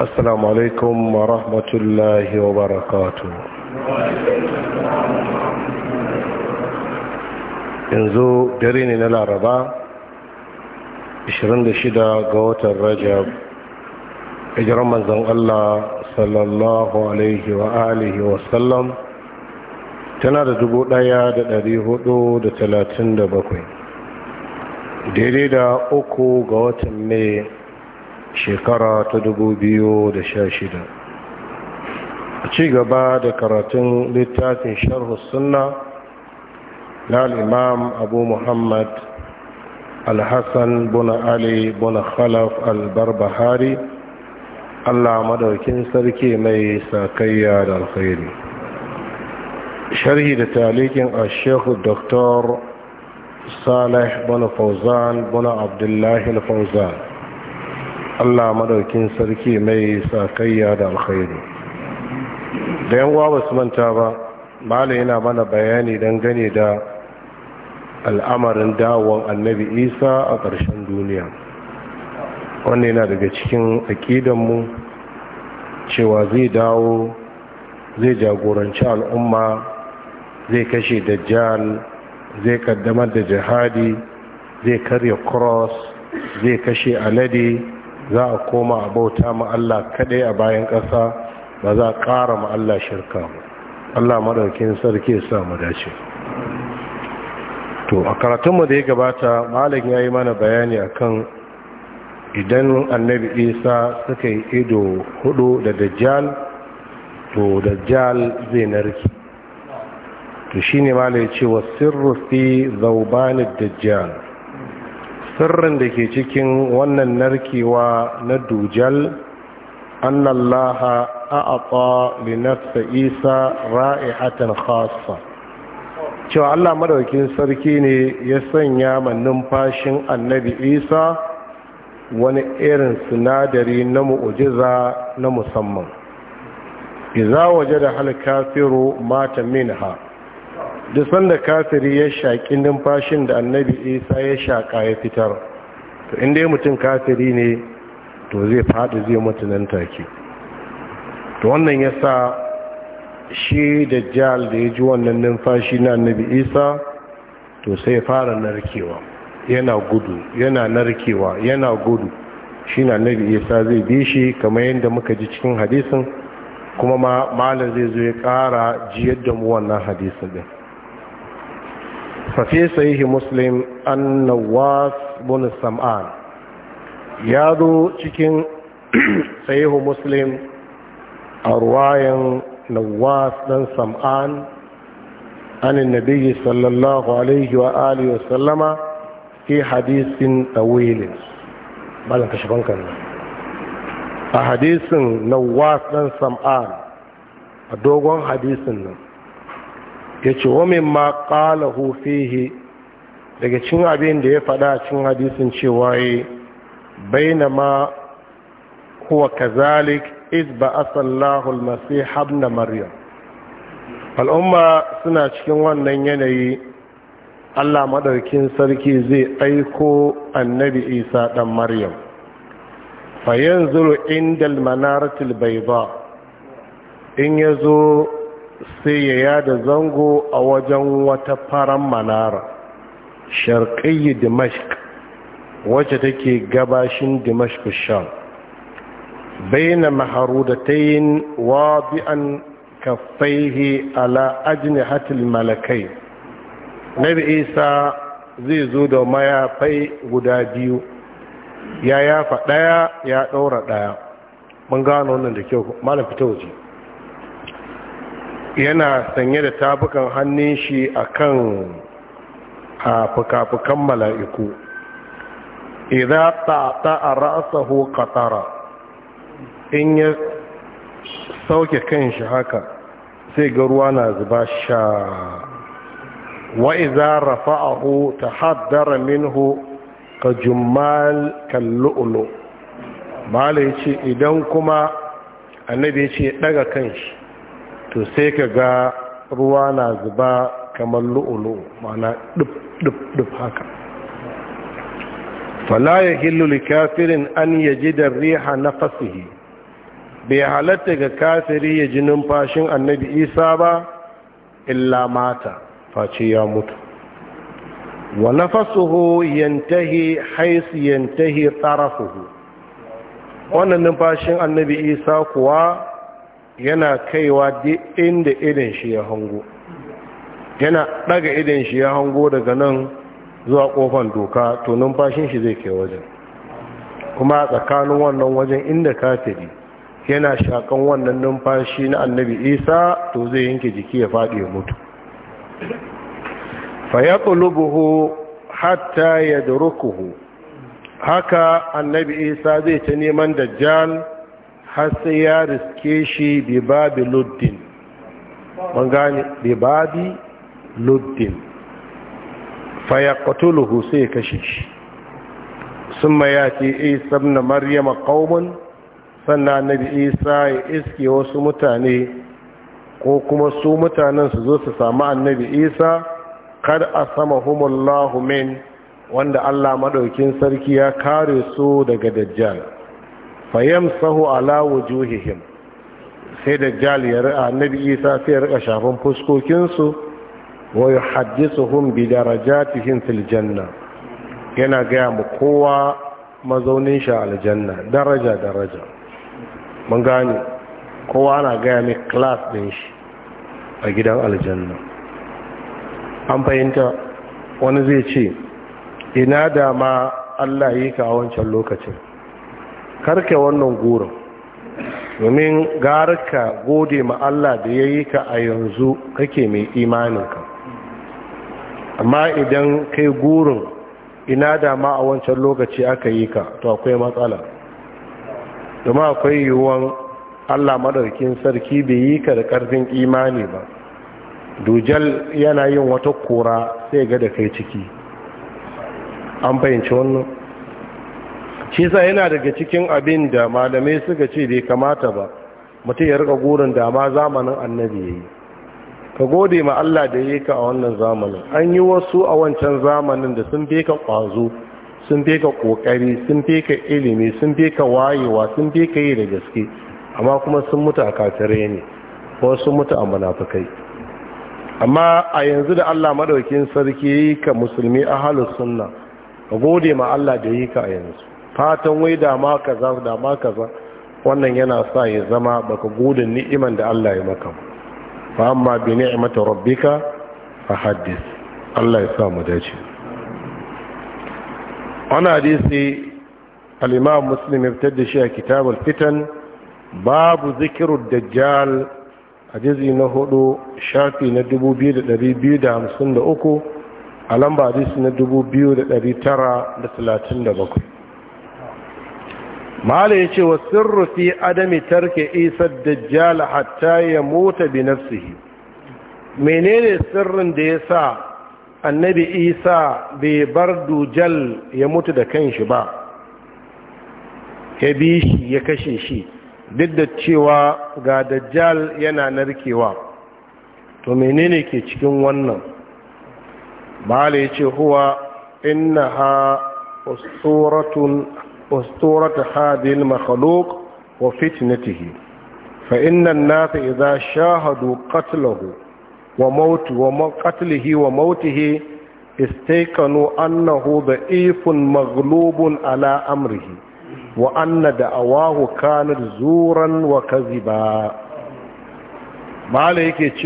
السلام عليكم ورحمة الله وبركاته yanzu dare ne na laraba 26 ga watan rajab hijiran manzon Allah sallallahu alaihi wa alihi wa sallam tana da dubu ɗaya da ɗari hudu da talatin da bakwai daidai da uku ga watan mai shekara ta dubu biyu da sha shida. a ci gaba da karatun littafin sharhu sunna na al'imam abu muhammad alhassan buna ali buna khalaf albarbahari allah madaukin sarki mai sakayya da alkhairi sharhi da talikin a shekhu dr salih buna fauzan buna abdullahi fauzan allah madaukin sarki mai sakayya da alkhairu da yan uwa basu manta ba malai yana mana bayani don gane da al'amarin dawon annabi isa a ƙarshen duniya wannan yana daga cikin aƙidanmu cewa zai dawo zai jagoranci al'umma zai kashe dajjal zai kaddamar da jihadi zai karya cross zai kashe alade za a koma a bauta ma Allah kaɗai a bayan ƙasa ba za a ƙara ma Allah shirka ba Allah maɗaukin sarki ya samu dace to a karatunmu da ya gabata malam ya yi mana bayani akan idan annabi isa suka yi ido hudu da dajjal to dajjal zai narki to shine malam ya ce wa sirru fi zaubanin dajjal sirrin da ke cikin wannan narkewa na dujal annallaha a'ata li nafsa isa ra'ihatan Khasa. cewa Allah madaukin sarki ne ya sanya ma numfashin annabi isa wani irin sinadari na mu'ujiza na musamman iza waje da halkafiru mata minha Da sanda kafiri ya shaƙi numfashin da annabi isa ya shaƙa ya fitar to inda ya mutum kafiri ne to zai faɗi zai mutu nan take to wannan ya sa shi da jihar da ya ji wannan numfashi na annabi isa to sai fara narkewa yana gudu yana narkewa yana gudu shi na annabi isa zai bi shi kamar yadda muka ji cikin hadisin kuma ma malar zai zo ya ƙara jiyar da mu wannan hadisin din ففي صحيح مسلم أن نواس بن السمعان يادو تشكين صحيح مسلم أرواية نواس بن سمعان عن النبي صلى الله عليه وآله وسلم في حديث طويل بل أن تشبهن كان حديث نواس بن سمعان a dogon hadisin ya ce wamin ma ƙala hufihi daga cin abin da ya faɗa cin hadisin cewa yi eh, baina ma kuwa kazalik iz ba asallahu habna maryam al'umma suna cikin wannan yanayi Allah maɗaukin sarki zai aiko annabi isa ɗan maryam fayin zuru inda almanaratul bai ba in ya zo sai ya yada zango a wajen wata faran manara sharqiyyi dimashq wacce take gabashin dimashq sham baina maharudatayn wadi'an kaffaihi ala ajnihatil malakai nabi isa zai zo da mayafai guda biyu ya yafa ɗaya ya ɗaura ɗaya mun gano wannan da kyau malam fita waje yana sanye da tabukan hannun shi akan a fuka-fukan mala'iku idan ta a ho katara in ya sauke kan shi haka sai ga ruwa na zuba sha wa iza haddara min ho, ka jummal kallu'ulu mala ce, idan kuma annabi yace daga shi. to sai ka ga ruwa na zuba kamar lu'ulu mana duk haka fala ya hillu kafirin an yaji da riha na fasihi bai halatta ga kafiri ya ji numfashin annabi isa ba illa mata face ya mutu wa nafasuhu yantahi haisu yantahi tsarafuhu wannan numfashin annabi isa kuwa yana kaiwa inda idan shi ya hango yana daga idan shi ya hango daga nan zuwa kofan doka to numfashin shi zai kai wajen kuma tsakanin wannan wajen inda kafiri yana shakan wannan numfashi na annabi isa to zai yanke jiki ya faɗi ya mutu fayaqlubuhu hatta yadrukuhu haka annabi isa zai ta neman dajjal har sai ya riske shi bi babi luddin mun gani bi babi luddin fa ya kashe shi Sun ya ce isa na maryama kaumun sannan bi isa ya iske wasu mutane ko kuma su mutanen su zo su samu annabi isa kad humullahu min wanda Allah madaukin sarki ya kare su daga dajjal sahu ala wujuhihim sai da ya ri'a annabi isa sai ya rika shafin fuskokinsu hajjisu hun bi darajatihim fil janna yana gaya mu kowa mazaunin shi aljanna daraja daraja mun gane kowa ana gaya mai klas din shi a gidan aljanna an fahimta wani zai ce ina da ma Allah yi ka a wancan lokacin karke wannan gurin domin garka gode ma Allah da ya yi ka a yanzu kake mai imaninka amma idan kai gurin ina dama a wancan lokaci aka yi ka to akwai matsala domin akwai yiwuwan Allah madarkin sarki bai yi ka da ƙarfin imani ba dujal yana yin wata kora sai ga da kai ciki an fahimci wannan shi sa yana daga cikin abin da malamai suka ce bai kamata ba mutum ya rika gurin dama zamanin annabi ya yi ka gode ma Allah da yi ka a wannan zamanin an yi wasu a wancan zamanin da sun fi ka ƙwazo sun fi ka ƙoƙari sun fi ilimi sun fi wayewa sun fi yi da gaske amma kuma sun mutu a katare ne ko sun mutu a munafukai amma a yanzu da Allah madaukin sarki yi ka musulmi ahalus sunna ka gode ma Allah da yi ka a yanzu fatan wai da ma kaza da ma kaza wannan yana sa ya zama baka gudun ni'iman da Allah ya maka fa amma bi ni'mati rabbika fa haddis Allah ya sa mu dace ana hadisi al-imam muslim ibtada shi a kitab al-fitan babu zikru dajjal hadisi na hudu shafi na 2253 a lamba hadisi na 2937 mala ya ce wa sirru fi adami tarke isa dajjal hatta ya mota bi nafsihi menene sirrin da ya sa annabi isa bai bar dujal ya mutu da kanshi ba ya bi shi ya kashe shi duk da cewa ga dajjal yana narkewa to menene ke cikin wannan mala ya ce huwa inna ha usuratun أسطورة هذه المخلوق وفتنته فإن الناس إذا شاهدوا قتله وموت وقتله وموته استيقنوا أنه ضعيف مغلوب على أمره وأن دعواه كانت زورا وكذبا مالك عليك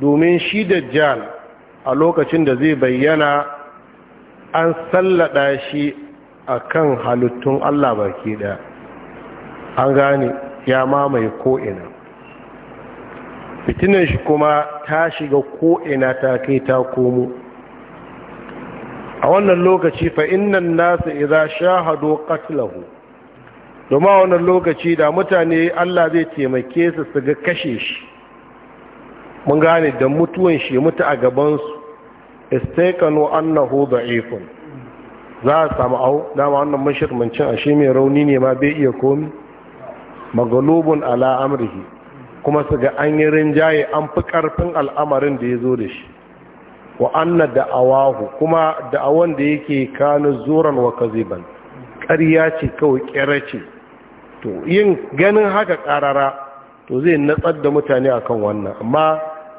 دومين domin shi dajjal a lokacin da zai bayyana an sallada shi a kan halittun Allah baki ɗaya an gane ya mamaye ko'ina fitinan shi kuma ta shiga ko'ina ta kai ta komo a wannan lokaci fa innan nasu iza shahado qatlahu domin a wannan lokaci da mutane Allah zai taimake su su ga kashe shi mun gane da mutuwan shi mutu a gabansu istaikano annahu ifin za a samu au dama wannan mashirmancin ashe mai rauni ne ma bai iya komi magalubun ala amrihi kuma su ga an yi rinjaye an fi karfin al'amarin da ya zo da shi wa anna Awahu kuma da'awan da yake kanu zuran wa kaziban ƙarya ce kawai ƙyara ce to yin ganin haka ƙarara to zai natsar da mutane akan wannan amma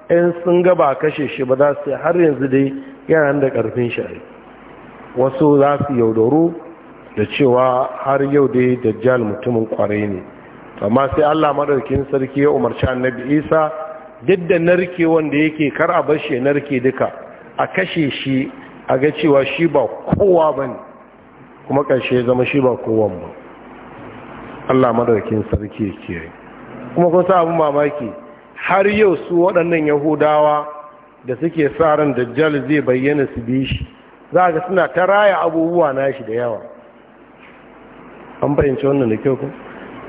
in sun gaba kashe shi ba za su har yanzu dai yana da ƙarfin shari'a wasu za su yaudaru da cewa har yau dai dajjal mutumin kwarai ne amma sai Allah madarkin sarki ya umarci annabi Isa duk da narke wanda yake kar a bar shi narke duka a kashe shi a ga cewa shi ba kowa ba ne, kuma ƙarshe zama shi ba kowa ba Allah madarkin sarki ya kiyaye kuma kun sa abin mamaki har yau su waɗannan yahudawa da suke sa ran dajjal zai bayyana su bi shi za ga suna ta raya abubuwa na shi da yawa an fahimci wannan da kyau ku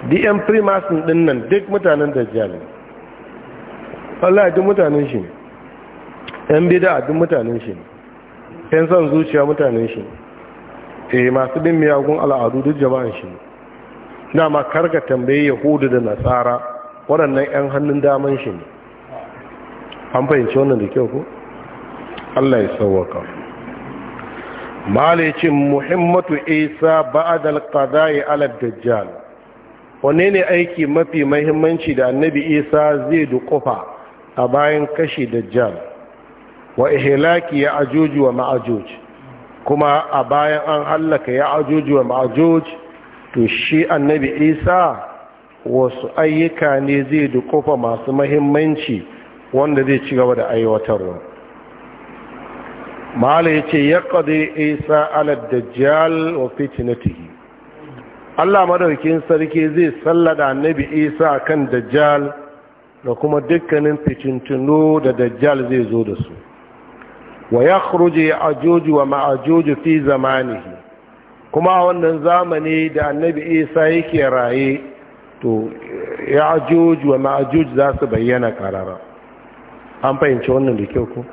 dm primasin din nan duk mutanen dajjal ne Allah duk mutanen shi ne yan bida duk mutanen shi ne yan son zuciya mutanen shi ne E, masu bin miyagun al'adu duk jama'an shi ne makar karka tambaye yahudu da nasara waɗannan yan hannun daman shi ne an fahimci wannan da kyau ku Allah ya sauwaka malicin muhimmatu isa ba'adal qada'i ala dajjal wane ne aiki mafi muhimmanci da annabi isa zai dukufa a bayan kashi dajjal wa ihlaki ya ajuji wa ma'ajuj kuma a bayan an hallaka ya wa ma'ajuj to shi annabi isa wasu ayyuka ne zai dukufa masu muhimmanci wanda zai cigaba da aiwatarwa mahala ya ce ya ƙade isa ala dajjal wa fitinatihi allah madaukin sarki zai sallada annabi isa kan dajjal da kuma dukkanin fitintunu da dajjal zai zo da su wa ya kuruje joji wa ma'ajoju fi zamanihi kuma a wannan zamani da annabi isa yake raye to ya joji wa ma'ajoju za su bayyana karara an fahimci wannan da kyau ko?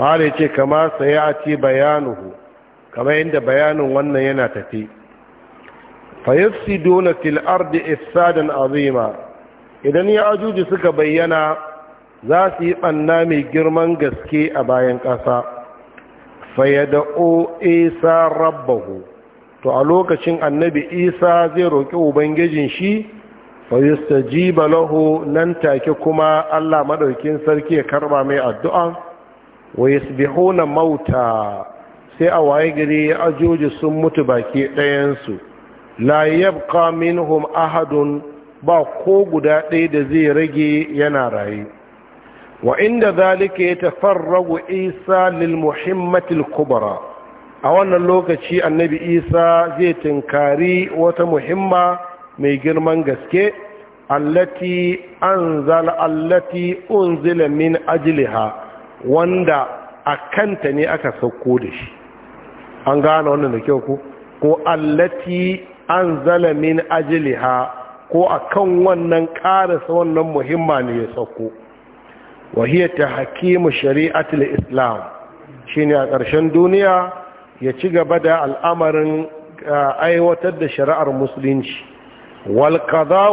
ma'ala ya ce kama sai a ci bayanuhu kama yadda bayanin wannan yana tafi fayassi dona fil'ar da isadan azima idan ya ajuji suka bayyana za su yi ɓanna mai girman gaske a bayan ƙasa fayyada'o isa rabbahu to a lokacin annabi isa zai roƙi ubangijin shi fayustajiba lahu nan take kuma allah maɗaukin sarki ya karba mai addu'a wa yasbihuna mauta sai a waye gari ajoji sun mutu baki ɗayansu la yabqa minhum ahadun ba ko guda ɗaya da zai rage yana raye wa inda zalika ya tafarragu isa lil muhimmatil kubra a wannan lokaci annabi isa zai tinkari wata muhimma mai girman gaske allati anzala allati unzila min ajliha wanda a kanta ne aka sauko da shi an gane wannan da kyau ko ko allati an zala min ajliha ko akan wannan karasa wannan muhimma ne ya sauko wa ta hakimu shari'atul islam shi ne a ƙarshen duniya ya ci gaba da al'amarin aiwatar da shari'ar musulunci wal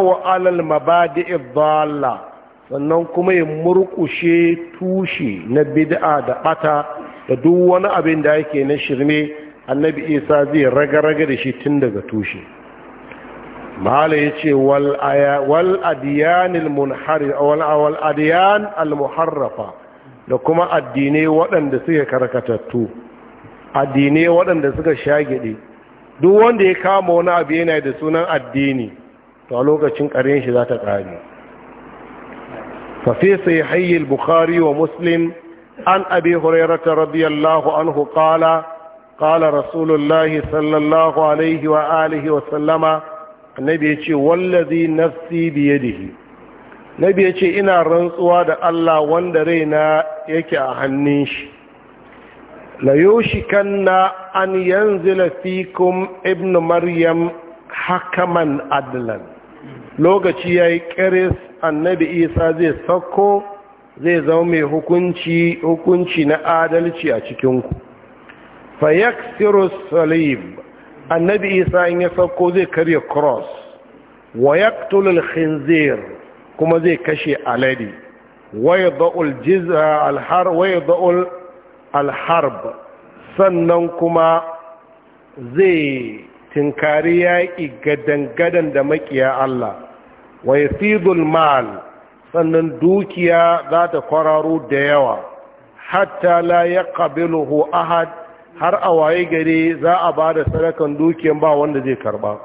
wa alal mabadi'i dhalla sannan kuma ya murkushe tushe na bid'a da bata da duk wani abin da yake na shirme annabi isa zai raga-raga da shi tun daga tushe mahala ya ce wal adiyan al-muharrafa da kuma addinai waɗanda suka karkatattu addinai waɗanda suka shagide duk wanda ya kama wani abu yana da sunan addini to a lokacin ƙarin shi za ta ƙari ففي صحيح البخاري ومسلم عن أبي هريرة رضي الله عنه قال قال رسول الله صلى الله عليه وآله وسلم النبي والذي نفسي بيده nabi ya ce ina rantsuwa da Allah wanda raina yake a hannun shi la yushikan na an yanzila ibn maryam hakaman adlan lokaci yayi kiris annabi isa zai sauko zai zama mai hukunci hukunci na adalci a cikinku fayaksiru salib annabi isa in ya sauko zai karya cross wa yaktulul khinzir kuma zai kashe alade jiza waya da'ul alharb sannan kuma zai tinkari yaƙi gadan-gadan da makiya Allah wa yasidul mal sannan dukiya za ta kwararo da yawa hatta la ya yaqbiluhu ahad har a waye gare za a ba da sadakan dukiyan ba wanda zai karba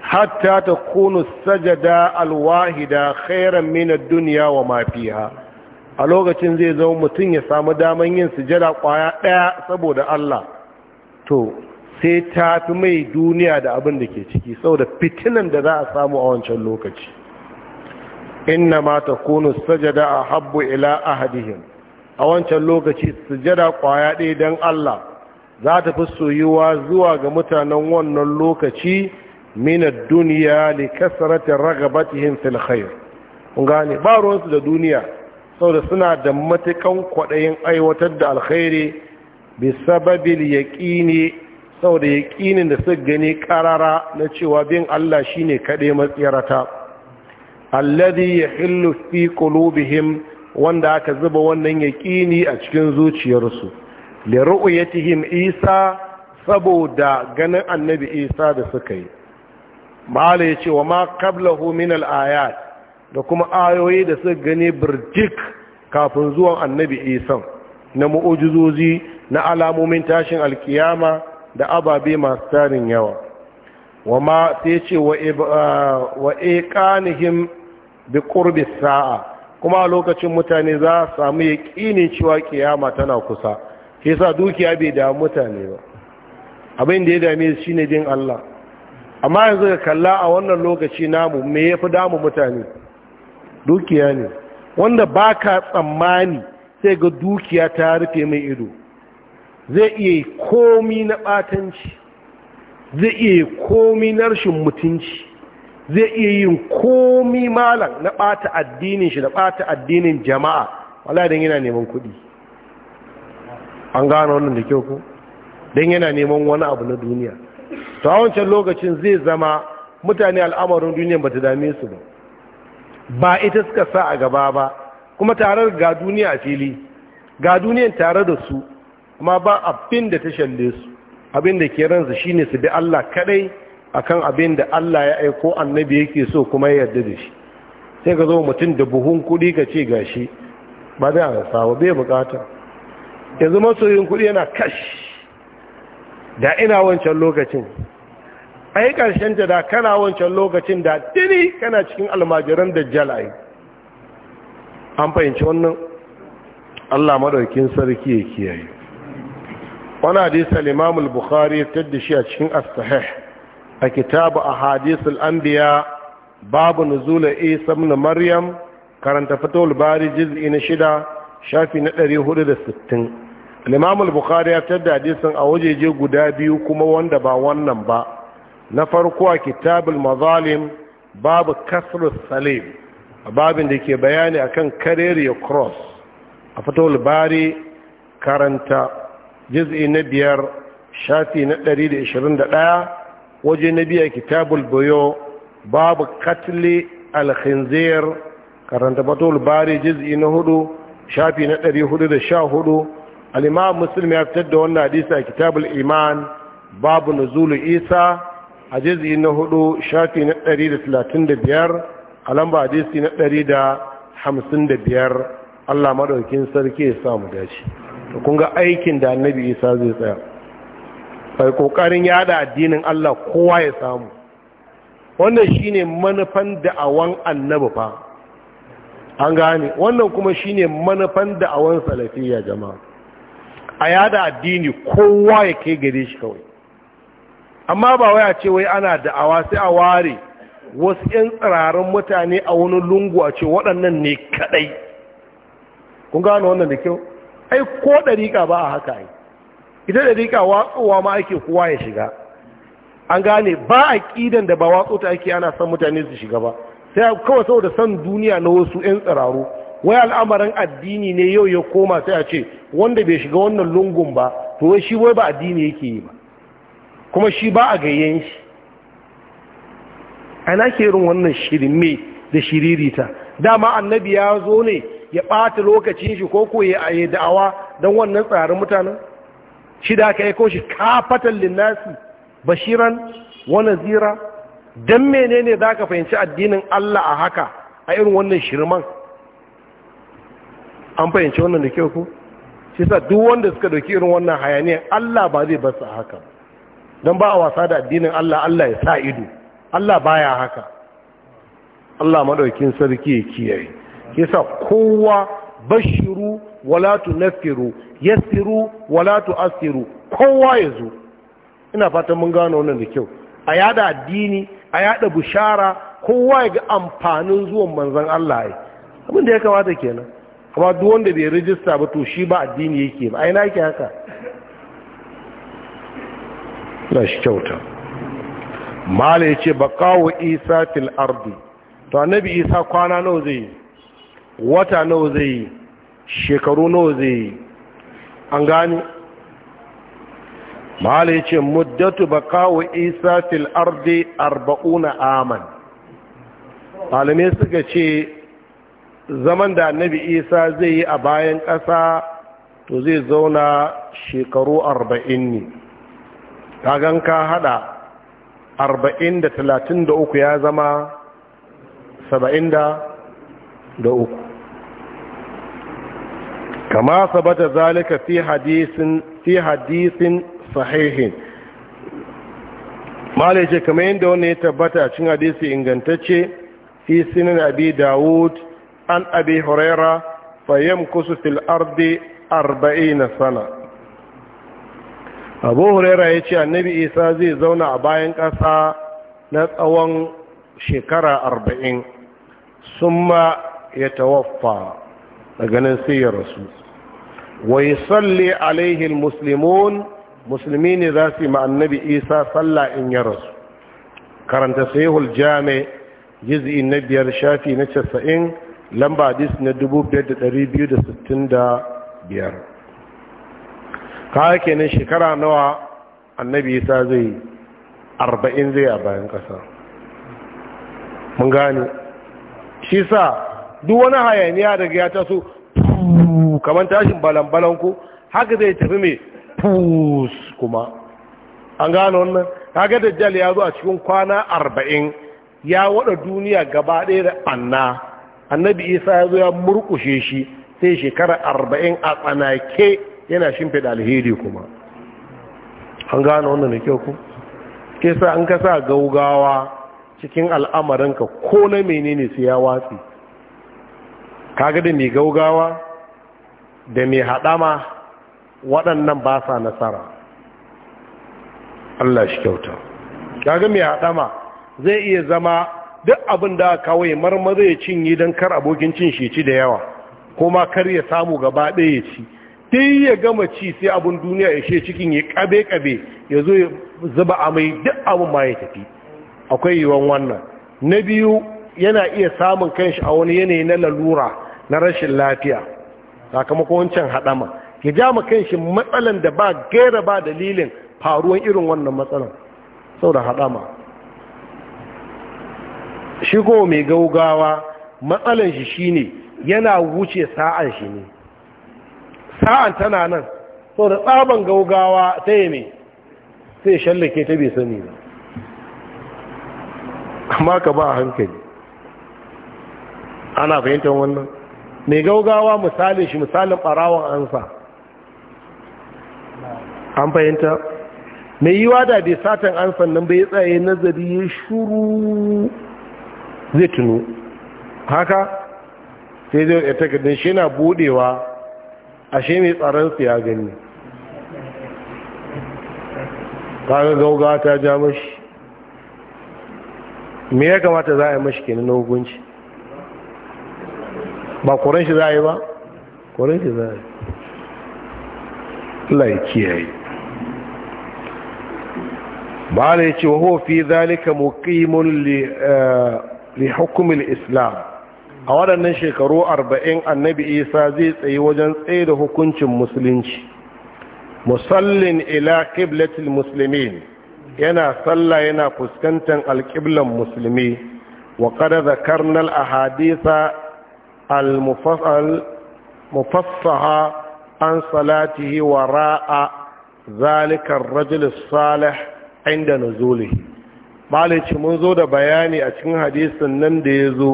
hatta ta kunu sajada alwahida khairan min ad-dunya wa ma fiha a lokacin zai zama mutum ya samu daman yin sujada kwaya daya saboda Allah to sai ta fi mai duniya da abin da ke ciki saboda fitinan da za a samu a wancan lokaci inna ma ta kunu sajada a habbu ila ahadihim a wancan lokaci sujada kwaya ɗaya don Allah za ta fi soyuwa zuwa ga mutanen wannan lokaci mina duniya da kasaratin ragabatihin fil gane ba ruwansu da duniya saboda suna da matukan kwaɗayin aiwatar da alkhairi bi yaƙi ne. saboda yaƙinin da suka gani ƙarara na cewa bin Allah shi ne kaɗai matsirata alladhi hillu fi ƙulubihim wanda aka zuba wannan yaƙini a cikin zuciyarsu li tihim Isa saboda ganin annabi Isa da suka yi ya ce wa ma kabla min al'ayat da kuma ayoyi da suka gani birjik kafin zuwan annabi Isa na mu'ujizozi na alamomin tashin alkiyama da ababe masu tarin yawa wa ma sai ce wa iqanihim bi qurbi sa'a kuma a lokacin mutane za su samu yaqini cewa kiyama tana kusa sai sa dukiya bai da mutane ba abin da ya dame shi shine din Allah amma yanzu ka kalla a wannan lokaci namu me yafi damu mutane dukiya ne wanda baka tsammani sai ga dukiya ta rufe mai ido zai iya yi komi na ɓatanci zai iya yi komi na rashin mutunci zai iya yin komi malam na ɓata addinin shi da ɓata addinin jama'a wala dan yana neman kuɗi an gano wannan da kyau ko don yana neman wani abu na duniya to a wancan lokacin zai zama mutane al'amarin duniya ba ta dame su ba ba ita suka sa a gaba ba kuma tare ga duniya a fili ga duniyan tare da su amma ba abin da ta shalle su abin da ke ransu shine su bi Allah kadai akan abin da Allah ya aiko annabi yake so kuma ya yarda da shi sai ka zo mutum da buhun kuɗi ka ce gashi ba zai a sawa, bai bukata yanzu masoyin kuɗi yana kash da ina wancan lokacin ai karshen ta da kana wancan lokacin da dini kana cikin almajiran dajjal jalai an fahimci wannan Allah madaukin sarki ya kiyaye wani hadisa limamul bukhari fitar da shi a cikin As-Sahih a kitabu a hadisul anbiya babu nuzula isa ibn maryam karanta fatawul bari juz'i na shida shafi na 460 limamul bukhari ya da hadisin a wajeje guda biyu kuma wanda ba wannan ba na farko a kitabul mazalim babu kasrus salim a babin da ke bayani akan karere cross a fatawul bari karanta juz'i na biyar shafi na 121 waje na biya kitabul bayo babu katli al karanta batul bari juz'i na hudu shafi na 414 al-imam muslim ya fitar da wannan hadisi a kitabul iman babu nuzulu isa a juz'i na hudu shafi na 135 a lamba hadisi na 155 Allah madaukin sarki ya samu dace to kun ga aikin da annabi isa zai tsaya kai kokarin yada addinin Allah kowa ya samu wannan shine manufan da'awan annabi fa an gane wannan kuma shine manufan da'awan salafiyya jama'a a yada addini kowa ya kai gare shi kawai amma ba wai a ce wai ana da'awa sai a ware wasu 'yan tsirarin mutane a wani lungu a ce waɗannan ne kaɗai kun gane wannan da kyau ai ko ɗariƙa ba a haka ai ita ɗariƙa watsowa ma ake kowa ya shiga an gane ba a ƙidan da ba watso ta ake ana san mutane su shiga ba sai kawai saboda san duniya na wasu 'yan tsiraru wai al'amarin addini ne yau ya koma sai a ce wanda bai shiga wannan lungun ba to wai shi wai ba addini yake yi ba kuma shi ba a gayyan shi ana ke irin wannan shirme da shiririta dama annabi ya zo ne ya ɓata lokacin shi ko ko ya yi da'awa don wannan tsarin mutanen shi da aka ko shi kafatan linnasi bashiran wani zira don menene za ka fahimci addinin Allah a haka a irin wannan shirman an fahimci wannan da kyau ku shi sa duk wanda suka doki irin wannan hayaniyar Allah ba zai basu a haka don ba a wasa da addinin Allah Allah ya sa ido Allah baya haka Allah maɗaukin sarki ya kiyaye yasa kowa bashiru wala tunaffiru Yasiru wala tu'assiru kowa ya ina fatan mun gano wannan da kyau a yada addini a yada bushara kowa ya ga amfanin zuwan manzon Allah ai abin da ya kamata kenan amma duk wanda bai rijista ba to shi ba addini yake ba ai na yake haka la shi kyauta mala yace wa isa fil ardi to annabi isa kwana nawa zai yi wata nawa zai yi shekaru nawa zai yi an gani mahala ya ce muddatu bakawo isa fil ardi arba'una aman malamai suka ce zaman da annabi isa zai yi a bayan ƙasa to zai zauna shekaru arba'in ne kagan ka hada arba'in da talatin da uku ya zama saba'in da uku kama sabata zalika fi fi hadisin sahihin malai kamar yadda wannan ya tabbata cin hadisi ingantacce fi sinin abi dawud an abi huraira fayyam kusu fil ardi arba'ina sana abu huraira ya ce annabi isa zai zauna a bayan ƙasa na tsawon shekara arba'in sun ma ya tawaffa daga nan sai ya rasu Wai yusalli alaihi almuslimun ne za su yi ma annabi isa sallah in ya karanta sahihul jami juz'i na biyar shafi na casa'in lamba hadis na dubu biyar da ɗari biyu da sittin da biyar kawai kenan shekara nawa annabi isa zai arba'in zai a bayan ƙasa mun gane shi sa duk wani hayaniya daga ya taso kamar tashin balan ku haka zai tafi mai pus kuma an gano wannan haka jali ya zo a cikin kwana arba'in ya wada duniya gaba ɗaya da anna annabi isa ya zo ya murkushe shi sai shekara arba'in a tsanake yana da alheri kuma an gano wannan da kyau ku ke sa an kasa gaugawa cikin al'amarinka ko na menene su ya watsi kaga da mai gaugawa da mai haɗama waɗannan ba sa nasara Allah shi kyauta kaga mai haɗama zai iya zama duk abin da kawai marmaza ya cinye don kar abokin cin shi ci da yawa kuma kar ya samu gaba ɗaya ya ci dai ya gama ci sai abin duniya ya she cikin ya ƙabe-ƙabe ya zo ya zuba amai duk abin ma ya tafi akwai yiwon wannan na biyu yana iya samun kanshi a wani yanayi na lalura na rashin lafiya sakamakon wancan haɗama ya ja ma kanshi matsalan da ba gaira ba dalilin faruwan irin wannan matsalan da haɗama shigo mai gaugawa matsalan shi shine yana wuce sa'an shi ne sa'an tana nan da tsaban gaugawa ta yi mai sai shallake ta bai sani ba amma ka ba hankali ana fahimtar wannan mai gaugawa misali shi misalin ɓarawon ansa an fahimta mai yi wada bai satan ansan nan bai tsaye nazari ya shuru zai tunu haka sai zai ya takardun shi na budewa ashe mai tsaransu ya gani kaga gaugawa ta ja mashi me ya kamata za a yi mashi kenan na hukunci ba koren shi za a yi ba koren shi za a yi Allah ya kiyaye ba da ya ce wa hofi zalika muqimun li eh, hukumin islam a waɗannan shekaru arba'in annabi isa zai tsaye wajen tsaye da hukuncin musulunci musallin ila qiblatil muslimin yana sallah yana fuskantar alƙiblan musulmi wa kada zakarnal ahadisa المفصح عن صلاته وراء ذلك الرجل الصالح عند نزوله malici mun zo da bayani a cikin hadisin nan da ya zo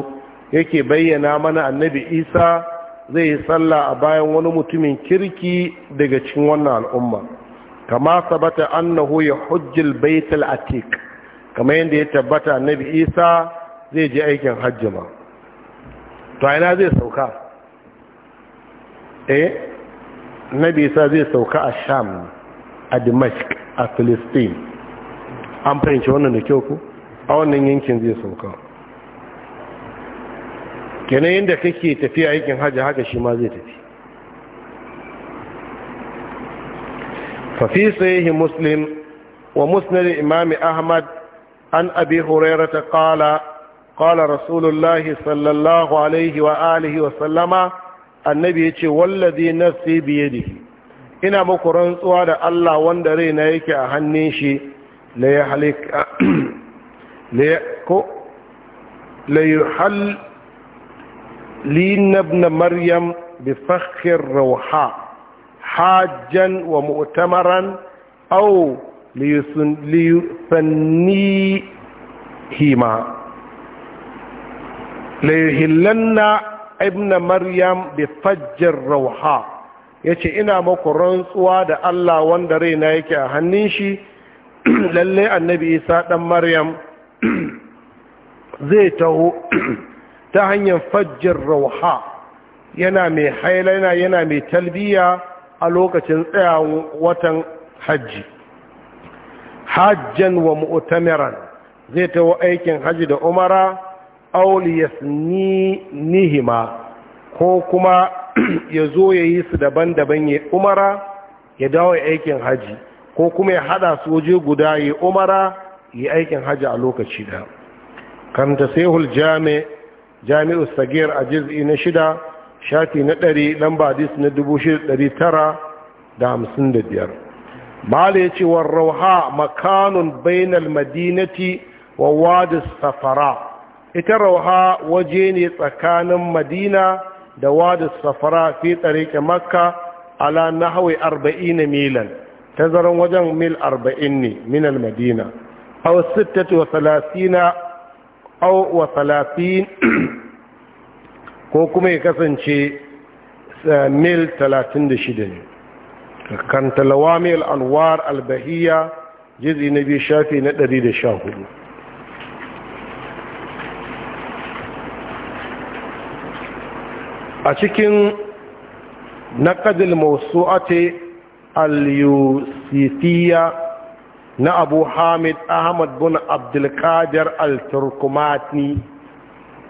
yake bayyana mana annabi isa zai yi sallah a bayan wani mutumin kirki daga cikin wannan al'umma kama sabata annahu ya hujjil baitul atik kama yadda ya tabbata annabi isa zai je aikin hajjima to ina zai sauka eh nabi isa zai sauka a sham a dimashq a philistine an fahimci wannan da kyau ku a wannan yankin zai sauka kenan yadda kake tafiya aikin hajji haka shi ma zai tafi ففي wa مسلم ومسند الإمام أحمد عن أبي هريرة قال قال رسول الله صلى الله عليه وآله وسلم النبي يقول والذي نفسي بيده ina muku rantsuwa da Allah wanda raina yake a hannun shi la ya halika la ko la yuhal li ibn maryam wa mu'tamaran aw hima layuhillanna ibna maryam bi fajjar rauha yace ina maku rantsuwa da Allah wanda raina yake a hannun shi lalle annabi isa dan maryam zai taho ta hanyar fajjar rauha yana mai hailana yana mai talbiya a lokacin tsayawan watan hajji hajjan wa mu'tamiran zai taho aikin hajji da umara nihima ko kuma ya zo ya yi su daban-daban ya umara ya dawo ya aikin haji ko kuma ya hada su waje guda ya umara ya aikin haji a lokaci da karanta sehul jami'u sagir a jiz'i na shida shafi na ɗari lamba dis na dubu shida tara da hamsin da biyar mala ya ce ra'uha makanun bainal madinati wa wadis safara ita rauha waje ne tsakanin madina da wadis safara fi tsarike makka ala nahawai arba'in milan tazaran wajen mil arba'in ne minal madina au sittatu wa salasina au wa salasin ko kuma ya kasance eh, mil talatin da shida ne kan talawami al'anwar albahiyya jizi na biyu shafi na ɗari da sha hudu a cikin naqadul mawsu'ati al-yusifiyya na Abu Hamid Ahmad bin Abdul Qadir al-Turkumani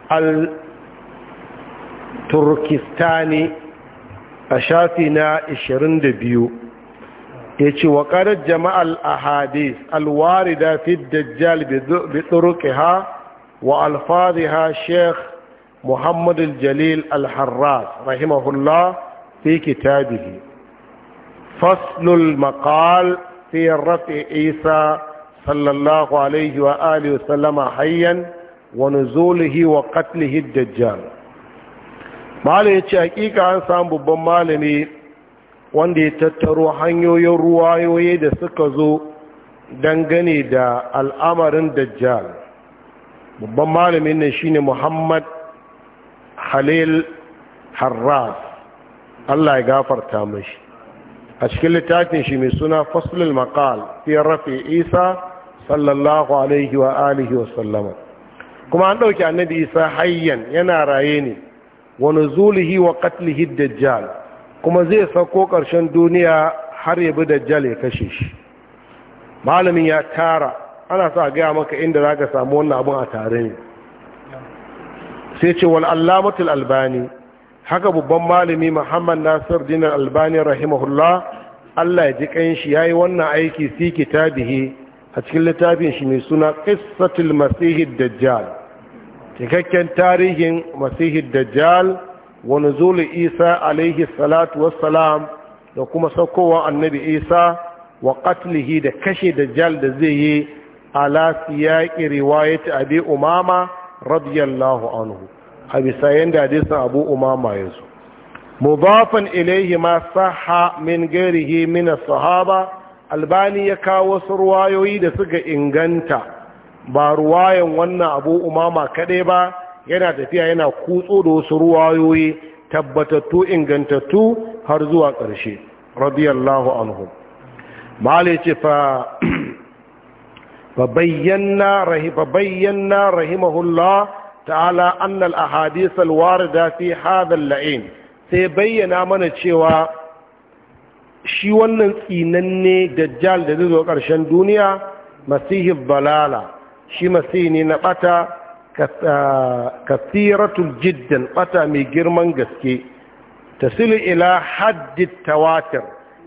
al-Turkistani a shafi na 22 yace wa qarar jama'al ahadith al-warida fi dajjal bi turuqiha wa ha Sheikh محمد الجليل الحراس رحمه الله في كتابه فصل المقال في رفع عيسى صلى الله عليه وآله وسلم حيا ونزوله وقتله الدجال malam ya ce hakika an babban malami wanda ya tattaro hanyoyin ruwayoyi da suka zo dangane da al'amarin dajjal babban malamin nan shine muhammad halil harras allah ya gafarta mashi a cikin littafin shi mai suna faslul maqal fi rafi isa sallallahu alaihi wa alihi wa sallama kuma an ɗauki annabi isa hayyan yana raye ne wa nuzulihi wa qatlihi dajjal kuma zai sako ƙarshen duniya har yabi dajjal ya kashe shi malamin ya tara ana sa gaya maka inda zaka samu wannan abun a tare ne sai ce wal allamatul albani haka babban malami muhammad nasir dinar albani rahimahullah allah ya ji kanshi ya yi wannan aiki fi kitabihi a cikin littafin shi mai suna qissatul masihid dajjal cikakken tarihin masihid dajjal wa nuzul isa alaihi salatu wassalam da kuma saukowar annabi isa wa qatlihi da kashe dajjal da zai yi ala siyaqi riwayat abi umama radiyallahu anhu a bisa yadda hadisin abu umama ya zo mudafan ilaihi ma saha min gairihi min sahaba albani ya kawo wasu ruwayoyi da suka inganta ba ruwayan wannan abu umama kaɗai ba yana tafiya yana kutso da wasu ruwayoyi tabbatattu ingantattu har zuwa ƙarshe radiyallahu anhu mali ce fa فبينا rahima فبينا رحمه الله تعالى أن الأحاديث الواردة في هذا اللعين سيبين من cewa shi wannan tsinanne dajjal da zai zo ƙarshen duniya masihi balala shi masihi ne na ɓata kasiratul jiddan ɓata mai girman gaske tasilu ila haddit tawatir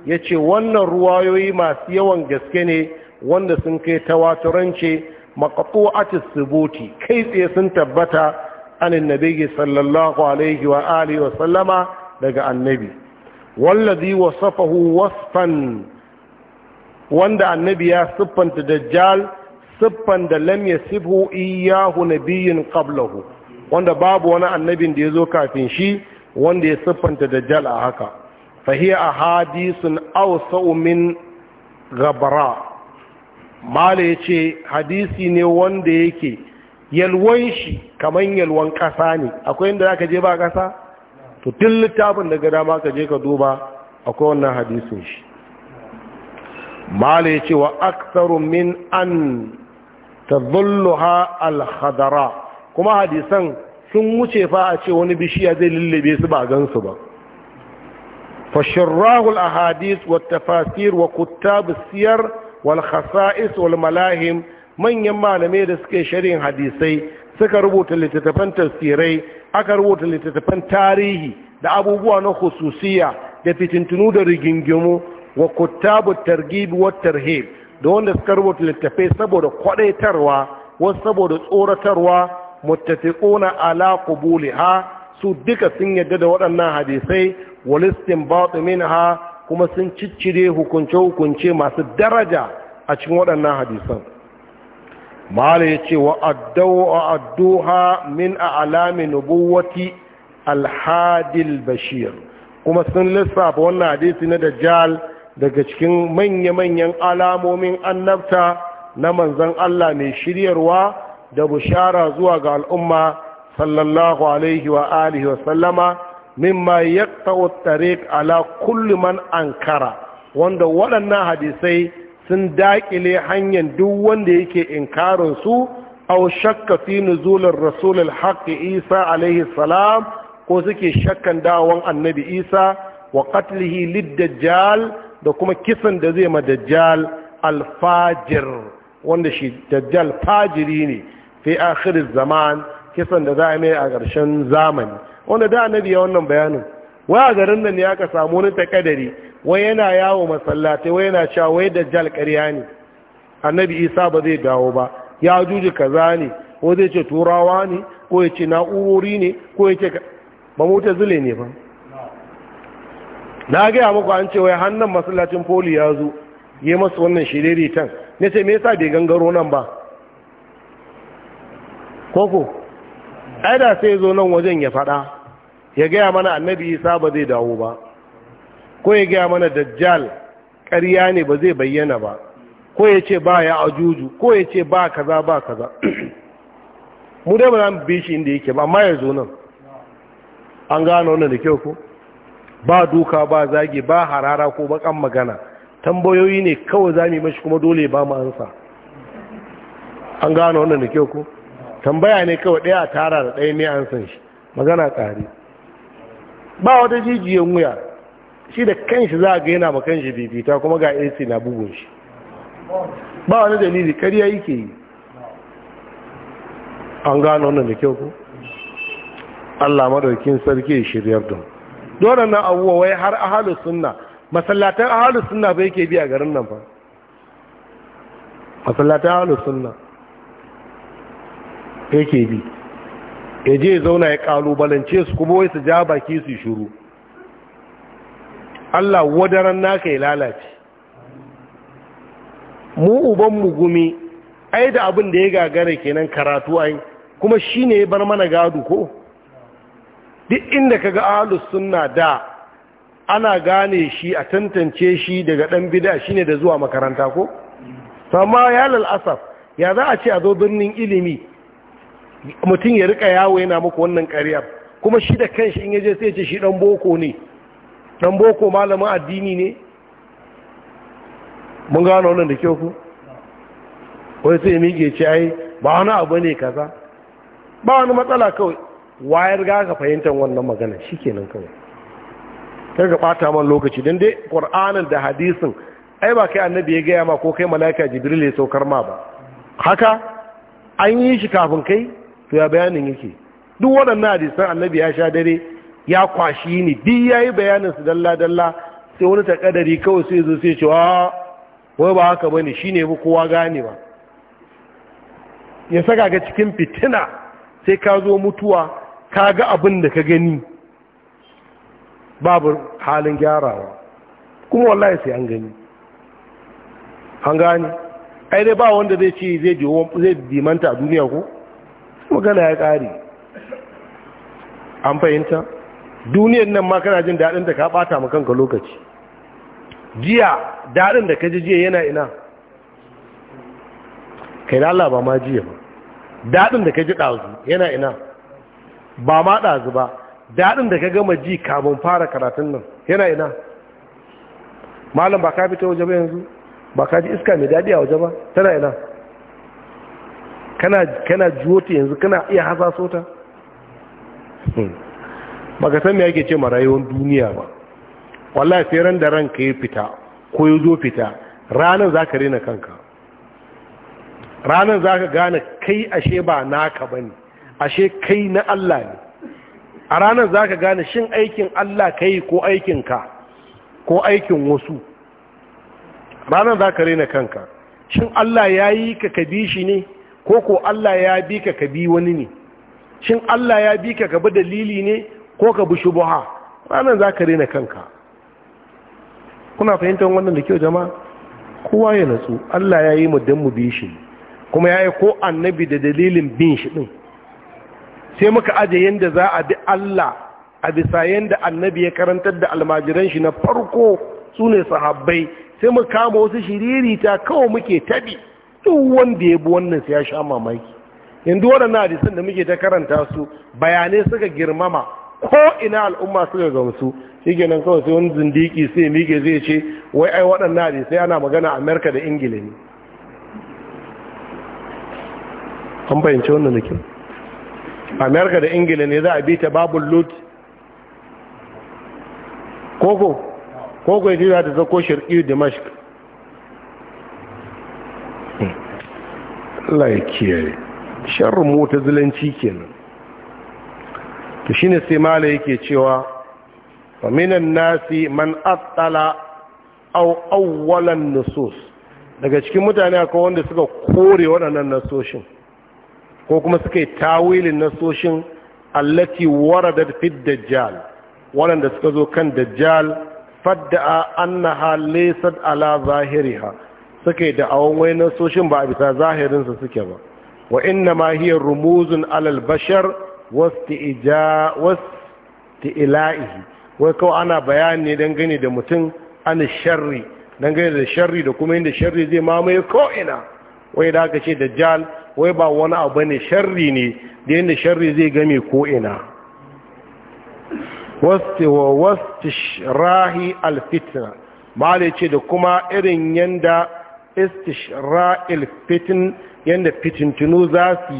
yace wannan ruwayoyi masu yawan gaske ne wanda sun kai tawaturance maqtu'atis subuti kai tsaye sun tabbata anin nabiyyi sallallahu alaihi wa alihi wa sallama daga annabi wallazi wasafahu wasfan wanda annabi ya siffanta dajjal siffan da lam yasifu iyyahu nabiyyin qablahu wanda babu wani annabin da yazo kafin shi wanda ya siffanta dajjal a haka hiya ahadithun awsa'u min gabara mala ya ce hadisi ne wanda yake yalwan shi kamar yalwan ƙasa ne akwai inda za ka je ba ƙasa to tun littafin daga dama ka je ka duba akwai wannan hadisin shi mala ya ce wa aksaru min an ta zulluha alhadara kuma hadisan sun wuce fa a ce wani bishiya zai lullube su ba gan su ba fashirrahul hadis wata fasir wa kuttab siyar wal khasa'is wal malahim manyan malamai da suke sharhin hadisai suka rubuta littattafan tafsirai aka rubuta littattafan tarihi da abubuwa na khususiya da fitintunu da rigingimu wa kuttabu targhib wa tarhib da wanda suka rubuta littattafai saboda kwadaitarwa wasu saboda tsoratarwa muttafiquna ala qubuliha su duka sun yadda da waɗannan hadisai wal istinbat minha kuma sun ciccire hukunce-hukunce masu daraja a cikin waɗannan hadisan Malam ya ce wa addu'a min a alami nubuwati alhadil bashir kuma sun lissafa wannan hadisi na dajjal daga cikin manya-manyan alamomin annabta na manzan Allah mai shiryarwa da bushara zuwa ga al'umma sallallahu alaihi wa alihi wa sallama mimma yaqta'u at ala kulli man ankara wanda waɗannan hadisai sun daƙile hanyar duk wanda yake inkarin su au shakka fi nuzulir rasul al Isa alaihi salam ko suke shakkan dawon annabi Isa wa qatlihi lid-dajjal da kuma kisan da zai ma dajjal al-fajir wanda shi dajjal fajiri ne fi akhir zaman kisan da za a mai a ƙarshen zamani wanda da annabi ya wannan bayanin wai a garin nan ne aka samu wani takadari wai yana yawo masallatai wai yana cewa wai dajjal ƙarya ne annabi isa ba zai dawo ba ya juji kaza ne ko zai ce turawa ne ko ya ce na'urori ne ko ya ce ba mota zule ne ba na gaya muku an ce wai hannun masallacin poli ya zo yi masu wannan shiriri tan na ce me yasa bai gangaro nan ba koko ada sai zo nan wajen ya faɗa ya gaya mana annabi isa ba zai dawo ba ko ya gaya mana dajjal ƙarya ne ba zai bayyana ba ko ya ce ba ya ajuju ko ya ce ba kaza ba kaza mu dai ba za mu bishi inda yake ba amma ya zo nan an gano wannan da kyau ko ba duka ba zagi ba harara ko bakan magana tambayoyi ne kawai za mu yi mashi kuma dole ba mu ansa an gano wannan da kyau ko tambaya ne kawai ɗaya a tara da ɗaya ne an san shi magana ƙari ba wata jijiyar wuya shi da kanshi za a ga yana ma kanshi bibita kuma ga ac na bugun shi ba wani dalili karya yake yi an gano wannan da kyau ku Allah madaukin sarki ya shiryar don dole na abuwa wai har ahalus sunna masallatan ahalus sunna bai ke biya garin nan fa masallatan ahalus sunna yake bi ya je ya zauna ya kalubalance su kuma wai su ja baki su shuru Allah wadaran naka ya lalace mu uban mu gumi ai da abin da ya gagara kenan karatu ai kuma shine ya bar mana gado ko duk inda kaga ahlus sunna da ana gane shi a tantance shi daga dan bid'a shine da zuwa makaranta ko amma ya lal asaf ya za a ce a zo birnin ilimi mutum ya rika yawo yana muku wannan ƙaryar kuma shi da kanshi in yaje sai ce shi dan boko ne dan boko malamin addini ne mun gano wannan da kyau ku wai sai mige ce ai ba wani abu ne kaza ba wani matsala kawai wayar ga ka fahimtar wannan magana shikenan kawai kar ka bata man lokaci dan dai qur'anin da hadisin ai ba kai annabi ya gaya ma ko kai malaika jibril ya saukar ma ba haka an yi shi kafin kai to ya bayanin yake duk waɗannan hadisan annabi ya sha dare ya kwashi ni duk yayi bayanin su dalla dalla sai wani takadari kawai sai zo sai ce wai ba haka bane shine ba kowa gane ba ya saka ga cikin fitina sai ka zo mutuwa ka ga abin da ka gani babu halin gyarawa kuma wallahi sai an gani an gane ai dai ba wanda zai ce zai dimanta a duniya ko magana ya ƙari an fahimta duniyan nan ma kana jin daɗin da ka ɓata ma kanka lokaci jiya daɗin da ka ji jiya yana ina kai da Allah ba ma jiya ba daɗin da ka ji ɗazu yana ina ba ma ɗazu ba daɗin da ka gama ji kamun fara karatun nan yana ina malam ba ka fita waje ba yanzu ba ka ji iska mai daɗi a waje ba tana ina kana kana ta yanzu kana iya hasaso ta hmm. baka san me yake ce ma rayuwar duniya ba wallahi sai ran da ranka ya fita ko ya zo fita ranar za ka rena kanka ranar za ka gane kai ashe ba naka ne. ashe kai na Allah ne a ranar za ka gane shin aikin Allah kai ko aikin ka ko aikin wasu ranar za ka rena kanka shin Allah ya yi ka kabi shi ne ko ko Allah ya bi ka ka bi wani ne shin Allah ya bi ka ka bi dalili ne ko ka bi shubuha ranar za ka rena kanka kuna fahimtar wannan da kyau jama'a kowa ya natsu Allah ya yi mu dan mu bi shi kuma yayi ko annabi da dalilin bin shi din sai muka aje yanda za a bi Allah a bisa yanda annabi ya karantar da almajiran shi na farko su ne sahabbai sai mu kama wasu shiririta kawai muke tabi duk wanda ya bi wannan sai ya sha mamaki yanzu waɗannan hadisan da muke ta karanta su bayanai suka girmama ko ina al'umma suka gamsu shi ke nan kawai sai wani zindiki sai mike zai ce wai ai waɗannan hadisai ana magana amerika da ingila ne an bayyance wannan da kyau amerika da ingila ne za a bi ta babu Lut, koko koko ya ce za ta zako shirki dimashq Hmm. Allah ya kiyaye zilanci mutazilanci kenan to shine sai mala yake cewa faminan nasi man attala au auwalan nasus. daga cikin mutane akwai wanda suka kore waɗannan nasoshin ko kuma suka yi tawilin nasoshin allati waradat fid dajjal waɗanda suka zo kan dajjal fadda'a annaha laysat ala zahiriha suka yi da'awon wai soshin ba a bisa zahirinsa suke ba wa inna ma hiya rumuzun alal bashar wasti'ila'ihi wai kawai ana bayani ne dangane da mutum an sharri dangane da sharri da kuma yadda sharri zai mamaye ko'ina wai da aka ce dajjal wai ba wani abu ne sharri ne da yadda sharri zai game ko'ina wasu rahi fitna, ma'ala ce da kuma irin yanda. istishra'il fitin yadda tunu za su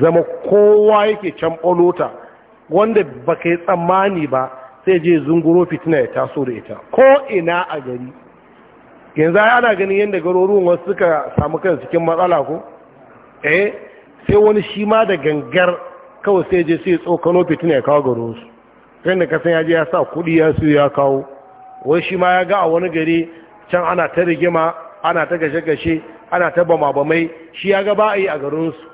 zama kowa yake can ɓolota wanda ba ka tsammani ba sai je zunguro fitina ya taso da ita ko ina a gari yanzu ana ganin yadda garuruwan wasu suka samu kan cikin matsala ko eh sai wani shi ma da gangar kawai sai je sai tsokano fitina ya kawo garinsu yadda kasan ya je ya sa kuɗi ya su ya kawo wai shi ma ya ga a wani gari can ana ta rigima ana ta gashe-gashe ana ta bama-bamai shi ya ga a yi a garinsu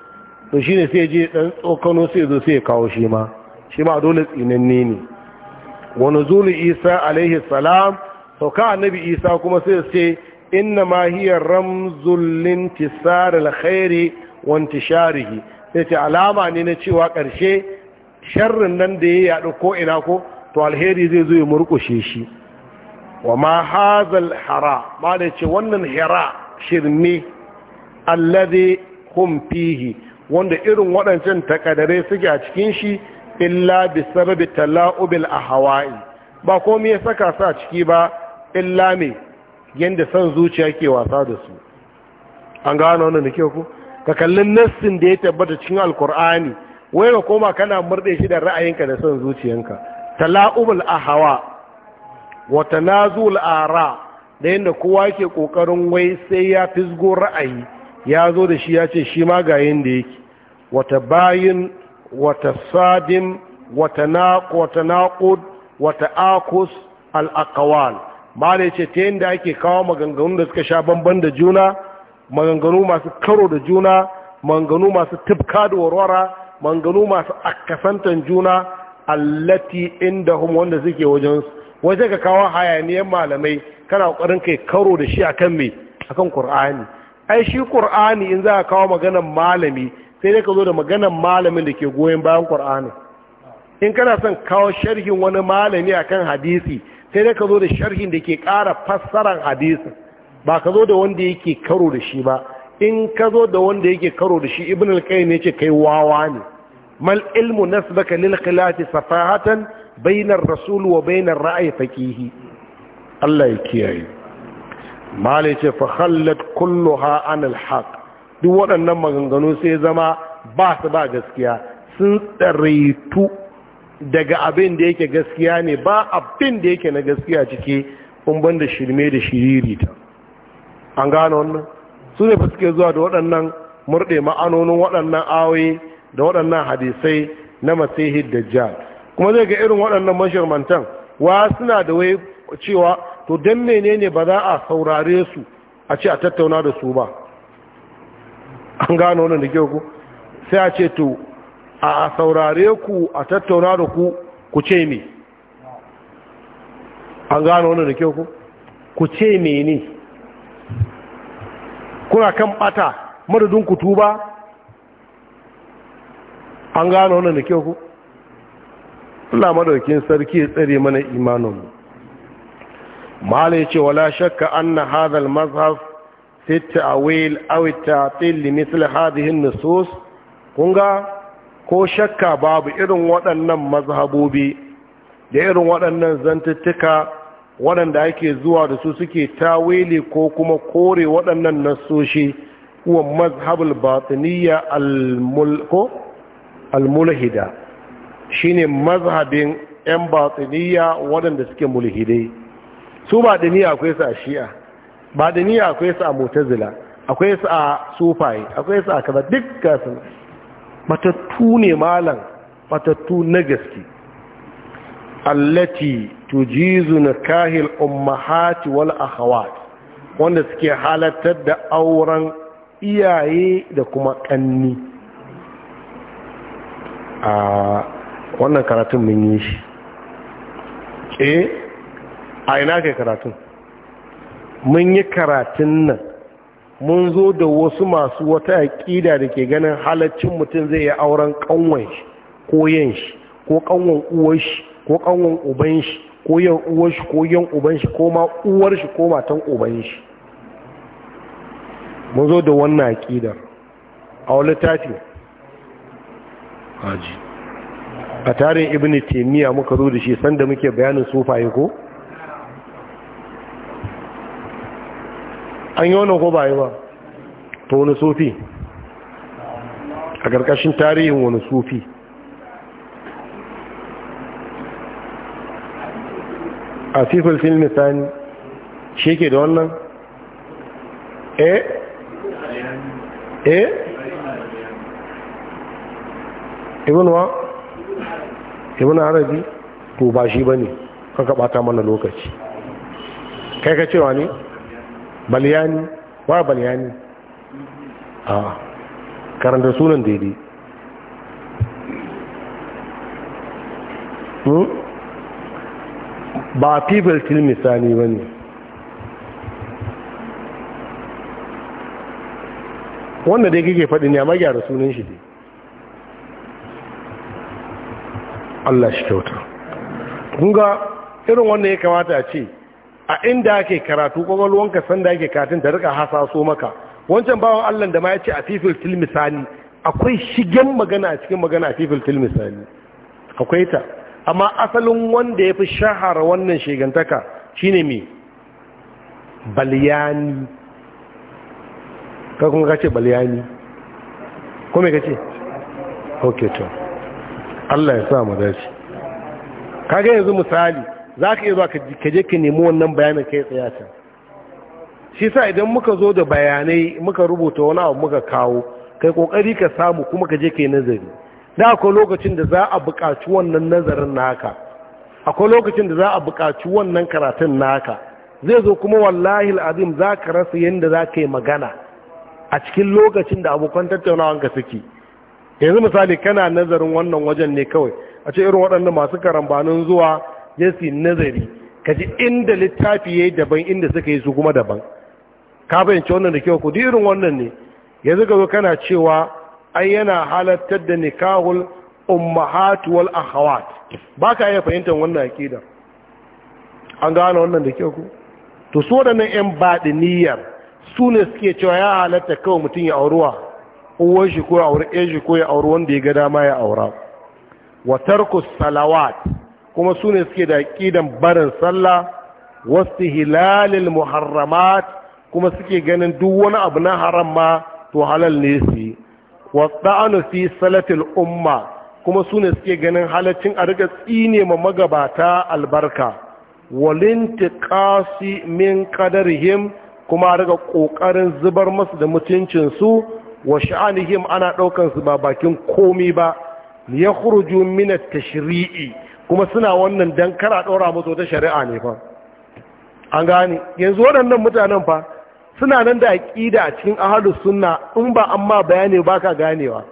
to shi ne sai je ɗan tsokano sai zo sai kawo shi ma shi ma dole tsinanne ne wani zulu isa alaihi salam sauka annabi isa kuma sai ce inna ma hiya ramzullin tisar alkhairi wa intisharihi sai ce alama ne na cewa karshe sharrin nan da ya yaɗu ko ina ko to alheri zai zo ya murƙushe shi wa ma hazal hara ma da ce wannan hira shirme allazi hum fihi wanda irin waɗancan takadare suke a cikin shi illa bi sababi tala'ubil ahwa'i ba komai ya saka sa a ciki ba illa me yanda san zuciya ke wasa da su an gano wannan da ke ku ka kallin nassin da ya tabbata cikin alkur'ani wai ka koma kana murɗe shi da ra'ayinka da son zuciyanka tala'ubul ahawa wata nazul ara da yadda kowa ke ƙoƙarin wai sai ya fisgo ra'ayi ya zo da shi ya ce shi ma ga yadda yake wata bayin wata sadin wata naƙud wata akus al'akawal ba da ce ta yadda ake kawo maganganu da suka sha bamban da juna maganganu masu karo da juna maganganu masu tubka da warwara maganganu masu akasantan juna allati hum wanda suke wajensu waje ga kawo hayaniyan malamai kana ƙoƙarin kai karo da shi akan me akan Qur'ani ai shi Qur'ani in za ka kawo maganar malami sai dai ka zo da maganar malamin da ke goyon bayan Qur'ani in kana son kawo sharhin wani malami akan hadisi sai dai ka zo da sharhin da ke ƙara fassaran hadisi ba ka zo da wanda yake karo da shi ba in ka zo da wanda yake karo da shi ibn al-qayyim yace kai wawa ne mal ilmu nasbaka lil khilati safahatan bainar rasul wa bainar ra'ayi faqihi Allah ya kiyaye malai ce fa khallat kulluha an alhaq duk waɗannan maganganu sai zama ba su ba gaskiya sun tsaraitu daga abin da yake gaskiya ne ba abin da yake na gaskiya cike kun banda shirme da ta. an gano wannan su ne fa suke zuwa da waɗannan murɗe ma'anonin waɗannan awoyi da waɗannan hadisai na masihid dajjal kuma zai ga irin waɗannan mashirmantan wa suna da wai cewa to don menene ba za a saurare su a ce a tattauna da su ba an gano wani da kyau ku sai a ce to a saurare ku a tattauna da ku ku ce me an gano wani da kyau ku ku ce me ne kuna kan bata madadin ku tuba an gano wani da kyau ku Allah madaukin sarki ya tsare mana imaninmu malai ce wala shakka anna hadha al-mazhab fi tawil aw tatil li mithl hadhihi an-nusus kunga ko shakka babu irin waɗannan mazhabobi da irin waɗannan zantuttuka waɗanda ake zuwa da su suke tawili ko kuma kore waɗannan nasoshi kuwa mazhabul batiniya al-mulko al-mulhida shine mazhabin yan batiniya waɗanda suke mulhidai su ba diniya akwai su a shi'a ba diniya akwai su a mutazila akwai su a sufaye akwai su a kaza dukkan su matattu ne malam matattu na gaske allati tujizu nikahil ummahati wal akhawat wanda suke halattar da auren iyaye da kuma kanni ah, wannan karatun mun yi shi eh a ina kai karatun mun yi karatun nan mun zo da wasu masu wata aƙida da ke ganin halaccin mutum zai yi auren ƙanwan shi ko yin shi ko ƙanwan uwar shi ko ƙanwan uban shi ko yin uwar shi ko yin uban shi ko ma uwar shi ko matan uban shi mun zo da wannan aƙidar a wani tafi a tarin ibn taimiyya muka zo da shi sanda muke bayanin sufaye ko an yi wannan ko ba yi ba ta wani sufi a ƙarƙashin tarihin wani sufi a sifil filmi misani shi ke da wannan e, eh ibn wa ibn arabi to ba shi bane kaka bata mana lokaci kai ka cewa ne balyani wa balyani a karanta sunan daidai hmm? ba people til misali bane wanda dai kike faɗi ne amma gyara sunan shi dai Allah shi kyauta Kunga irin wannan ya kamata a ce a inda ake karatu kwakwalwanka sanda ake katin da rika so maka wancan bawan Allah da ma ya ce a fifil tilmisani akwai shigen magana a cikin magana a fifil tilmisani akwai ta amma asalin wanda ya fi shahara wannan shigantaka shine mai balyani ka kuma ka ce balyani kome ka ce ok to Allah ya sa mu dace kage yanzu misali za ka iya zuwa ka je ka nemi wannan bayanin kai tsaya can shi sa idan muka zo da bayanai muka rubuta wani abu muka kawo kai kokari ka samu kuma ka je ka yi nazari da akwai lokacin da za a buƙaci wannan nazarin naka akwai lokacin da za a buƙaci wannan karatun naka zai zo kuma wallahi al'azim za ka rasa yadda za ka yi magana a cikin lokacin da abokan tattaunawanka suke yanzu misali kana nazarin wannan wajen ne kawai a ce irin waɗanda masu karambanin zuwa ya su nazari ka ji inda littafi ya yi daban inda suka yi su kuma daban ka fahimci wannan da kyau ku "Di irin wannan ne yanzu ka zo kana cewa ai yana halartar da nikahul ummahat wal akhawat ba ka iya fahimtar wannan akida an gane wannan da kyau ku to su waɗannan 'yan baɗiniyar su ne suke cewa ya halatta kawai mutum ya auruwa uwar shi ko ya aure ɗaya shi ko ya aure wanda ya ga dama ya aura watarku salawat kuma su ne suke da ƙidan barin sallah wasu hilalil muharramat kuma suke ganin duk wani abu na haram ma to halal ne su yi wasu fi salatil umma kuma su ne suke ganin halacin a riga tsine ma magabata albarka walintiqasi min kadarihim kuma a riga ƙoƙarin zubar masu da mutuncinsu wa sha'anihim ana ɗaukan su ba bakin komi ba ya khuruju min at-tashri'i kuma suna wannan dan kara ɗora musu ta shari'a ne fa an gane yanzu waɗannan mutanen fa suna nan da aƙida a cikin ahalus sunna in ba an ma bayani ba ka ganewa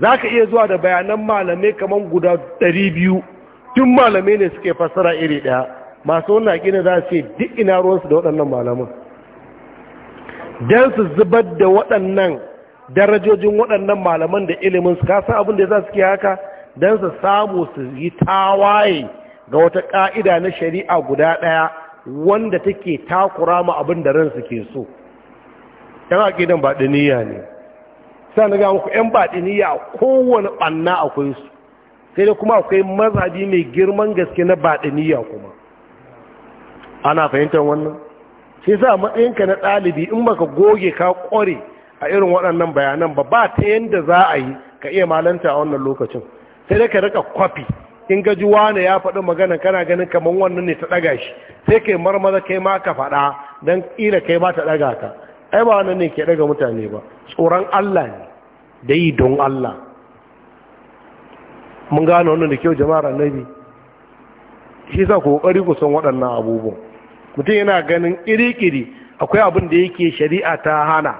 za ka iya zuwa da bayanan malamai kamar guda ɗari biyu tun malamai ne suke fassara iri ɗaya masu wannan aƙida za su ce duk ina ruwansu da waɗannan malaman don su zubar da waɗannan darajojin waɗannan malaman da ilimin su kasan abin da za su ke haka don su samu su yi tawaye ga wata ƙa'ida na shari'a guda ɗaya wanda take takura ma abin da ransu ke so ɗan aƙidan baɗiniya ne sa na ga muku ‘yan baɗiniya a kowane ɓanna akwai su sai da kuma akwai mazhabi mai girman gaske na baɗiniya kuma ana fahimtar wannan shi sa matsayinka na ɗalibi in baka goge ka ƙware a irin waɗannan bayanan ba ba ta yadda za a yi ka iya malanta a wannan lokacin sai dai ka rika kwafi in ga ji wane ya faɗi magana kana ganin kamar wannan ne ta ɗaga shi sai kai marmaza kai ma ka faɗa don ƙila kai ma ta ɗaga ka ai ba wannan ne ke ɗaga mutane ba tsoron Allah ne da yi don Allah mun gane wannan da kyau jama'ar annabi shi sa ku kokari ku san waɗannan abubuwan mutum yana ganin iri-iri akwai abin da yake shari'a ta hana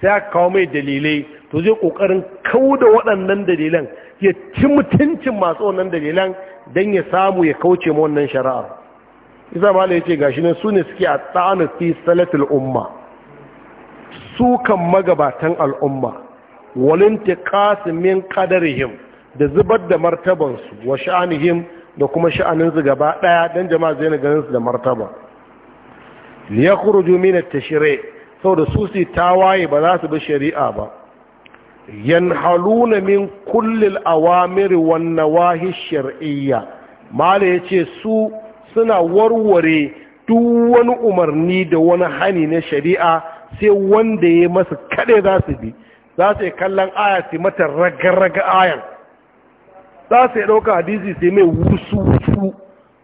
sai aka kawo mai dalilai to zai kokarin kawo da waɗannan dalilan ya ci mutuncin masu wannan dalilan don ya samu ya kauce ma wannan shari'ar isa mala ya ce gashi nan su ne suke a tsanu fi salatul umma su kan magabatan al'umma walinta kadar kadarihim da zubar da martabansu wa sha'anihim da kuma sha'aninsu gaba ɗaya don jama'a zai na su da martaba liyakhruju min at-tashri' saboda su su tawaye ba za su bi shari'a ba yanhaluna min kulli al-awamir wan nawahi shar'iyya mala yace su suna warware duk wani umarni da wani hani na shari'a sai wanda ya masa kade za su bi za su yi kallon aya su mata raga ayan za su yi ɗauka hadisi sai mai wusu-wusu